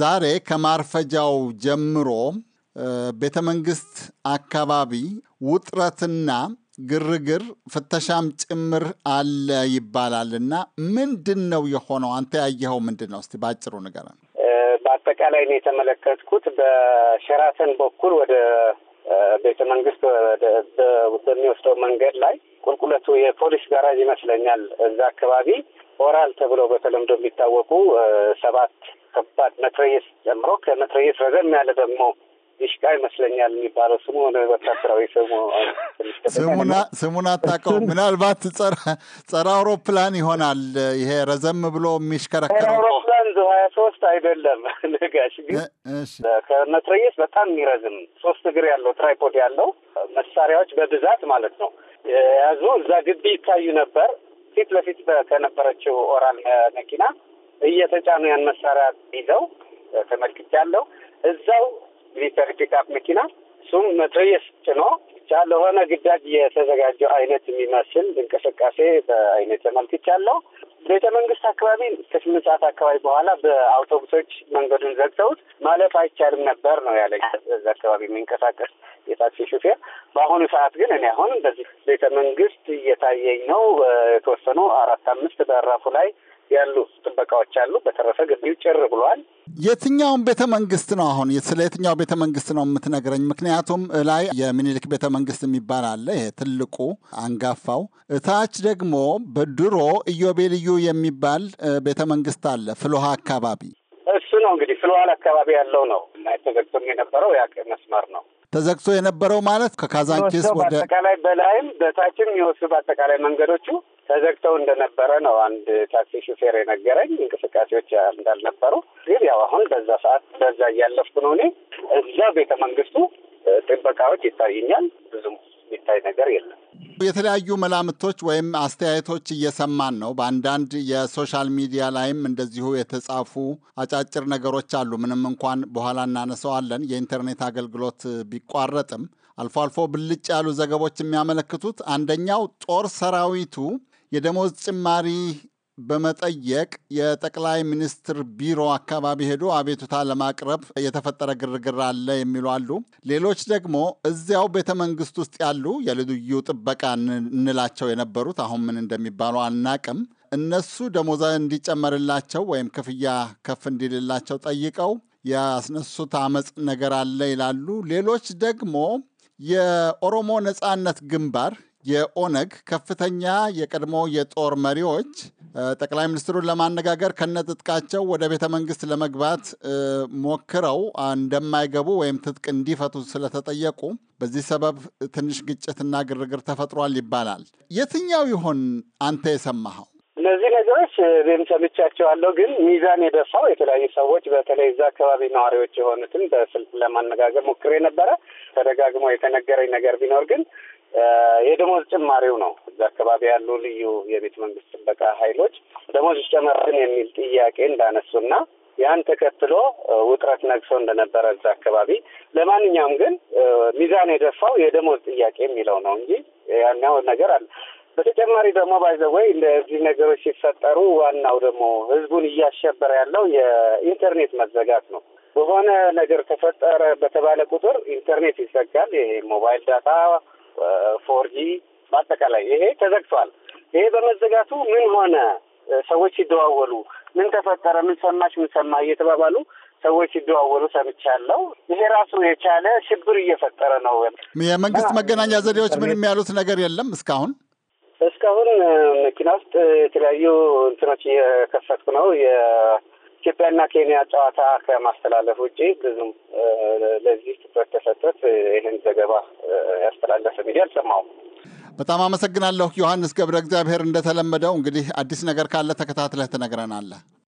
ዛሬ ከማርፈጃው ጀምሮ ቤተ መንግስት አካባቢ ውጥረትና ግርግር ፍተሻም ጭምር አለ ይባላል እና ምንድን ነው የሆነው? አንተ ያየኸው ምንድን ነው? እስቲ በአጭሩ ንገረን። በአጠቃላይ ነው የተመለከትኩት። በሸራተን በኩል ወደ ቤተ መንግስት በሚወስደው መንገድ ላይ ቁልቁለቱ የፖሊስ ጋራጅ ይመስለኛል እዛ አካባቢ ኦራል ተብለው በተለምዶ የሚታወቁ ሰባት ከባድ መትረየስ ጀምሮ ከመትረየስ ረዘም ያለ ደግሞ ዲሽቃ ይመስለኛል የሚባለው ስሙ ሆነ ወታደራዊ ስሙ ስሙን አታውቀውም። ምናልባት ጸረ አውሮፕላን ይሆናል ይሄ ረዘም ብሎ የሚሽከረከረው አውሮፕላን ዙ ሀያ ሶስት አይደለም ነጋሽ፣ ግን ከመትረየስ በጣም የሚረዝም ሶስት እግር ያለው ትራይፖድ ያለው መሳሪያዎች በብዛት ማለት ነው የያዙ እዛ ግቢ ይታዩ ነበር ፊት ለፊት ከነበረችው ኦራል መኪና እየተጫኑ ያን መሳሪያ ይዘው ተመልክቻለሁ። እዛው ሚሊተሪ ፒካፕ መኪና እሱም መትረየስ ጭኖ ብቻ ለሆነ ግዳጅ የተዘጋጀው አይነት የሚመስል እንቅስቃሴ በአይነት ተመልክቻለሁ። ቤተ መንግስት አካባቢ እስከ ስምንት ሰዓት አካባቢ በኋላ በአውቶቡሶች መንገዱን ዘግተውት ማለፍ አይቻልም ነበር ነው ያለ እዛ አካባቢ የሚንቀሳቀስ የታክሲ ሹፌር። በአሁኑ ሰዓት ግን እኔ አሁን በዚህ ቤተ መንግስት እየታየኝ ነው። የተወሰኑ አራት አምስት በራፉ ላይ ያሉ ጥበቃዎች አሉ። በተረፈ ግቢው ጭር ብሏል። የትኛውን ቤተ መንግስት ነው አሁን ስለ የትኛው ቤተ መንግስት ነው የምትነግረኝ? ምክንያቱም ላይ የሚኒልክ ቤተ መንግስት የሚባል አለ፣ ይሄ ትልቁ አንጋፋው። እታች ደግሞ በድሮ ኢዮቤልዩ የሚባል ቤተ መንግስት አለ ፍልውሃ አካባቢ። እሱ ነው እንግዲህ ፍልውሃል አካባቢ ያለው ነው እና ተዘግቶም የነበረው ያ መስመር ነው ተዘግቶ የነበረው ማለት ከካዛንቺስ ወደ አጠቃላይ በላይም በታችም የሚወስድ አጠቃላይ መንገዶቹ ተዘግተው እንደነበረ ነው አንድ ታክሲ ሹፌር የነገረኝ። እንቅስቃሴዎች እንዳልነበሩ ግን ያው አሁን በዛ ሰዓት በዛ እያለፍኩ ነው እኔ እዛ ቤተ መንግስቱ ጥበቃዎች ይታዩኛል። ብዙም የሚታይ ነገር የለም። የተለያዩ መላምቶች ወይም አስተያየቶች እየሰማን ነው። በአንዳንድ የሶሻል ሚዲያ ላይም እንደዚሁ የተጻፉ አጫጭር ነገሮች አሉ። ምንም እንኳን በኋላ እናነሰዋለን የኢንተርኔት አገልግሎት ቢቋረጥም አልፎ አልፎ ብልጭ ያሉ ዘገቦች የሚያመለክቱት አንደኛው ጦር ሰራዊቱ የደሞዝ ጭማሪ በመጠየቅ የጠቅላይ ሚኒስትር ቢሮ አካባቢ ሄዶ አቤቱታ ለማቅረብ የተፈጠረ ግርግር አለ የሚሉ አሉ። ሌሎች ደግሞ እዚያው ቤተ መንግስት ውስጥ ያሉ የልዩ ጥበቃ እንላቸው የነበሩት አሁን ምን እንደሚባሉ አናቅም። እነሱ ደሞዛ እንዲጨመርላቸው ወይም ክፍያ ከፍ እንዲልላቸው ጠይቀው ያስነሱት አመፅ ነገር አለ ይላሉ። ሌሎች ደግሞ የኦሮሞ ነጻነት ግንባር የኦነግ ከፍተኛ የቀድሞ የጦር መሪዎች ጠቅላይ ሚኒስትሩን ለማነጋገር ከነትጥቃቸው ወደ ቤተ መንግስት ለመግባት ሞክረው እንደማይገቡ ወይም ትጥቅ እንዲፈቱ ስለተጠየቁ በዚህ ሰበብ ትንሽ ግጭትና ግርግር ተፈጥሯል ይባላል። የትኛው ይሆን አንተ የሰማኸው? እነዚህ ነገሮች እኔም ሰምቻቸዋለሁ። ግን ሚዛን የደፋው የተለያዩ ሰዎች በተለይ እዛ አካባቢ ነዋሪዎች የሆኑትን በስልክ ለማነጋገር ሞክሬ ነበረ። ተደጋግሞ የተነገረኝ ነገር ቢኖር ግን የደሞዝ ጭማሪው ነው። እዚ አካባቢ ያሉ ልዩ የቤተ መንግስት ጥበቃ ኃይሎች ደሞዝ ይጨመርን የሚል ጥያቄ እንዳነሱና ያን ተከትሎ ውጥረት ነግሶ እንደነበረ እዛ አካባቢ። ለማንኛውም ግን ሚዛን የደፋው የደሞዝ ጥያቄ የሚለው ነው እንጂ ያኛው ነገር አለ። በተጨማሪ ደግሞ ባይዘወይ እንደዚህ ነገሮች ሲፈጠሩ ዋናው ደግሞ ህዝቡን እያሸበረ ያለው የኢንተርኔት መዘጋት ነው። በሆነ ነገር ተፈጠረ በተባለ ቁጥር ኢንተርኔት ይዘጋል። ይሄ ሞባይል ዳታ ፎርጂ በአጠቃላይ ይሄ ተዘግቷል። ይሄ በመዘጋቱ ምን ሆነ ሰዎች ሲደዋወሉ ምን ተፈጠረ፣ ምን ሰማች፣ ምን ሰማ እየተባባሉ ሰዎች ሲደዋወሉ ሰምቻለሁ። ይሄ ራሱ የቻለ ሽብር እየፈጠረ ነው። የመንግስት መገናኛ ዘዴዎች ምንም ያሉት ነገር የለም እስካሁን እስካሁን መኪና ውስጥ የተለያዩ እንትኖች እየከፈትኩ ነው ኢትዮጵያና ኬንያ ጨዋታ ከማስተላለፍ ውጭ ብዙም ለዚህ ትኩረት ተሰጥቶት ይህን ዘገባ ያስተላለፈ ሚዲያ አልሰማውም። በጣም አመሰግናለሁ ዮሐንስ ገብረ እግዚአብሔር። እንደተለመደው እንግዲህ አዲስ ነገር ካለ ተከታትለህ ትነግረናለህ።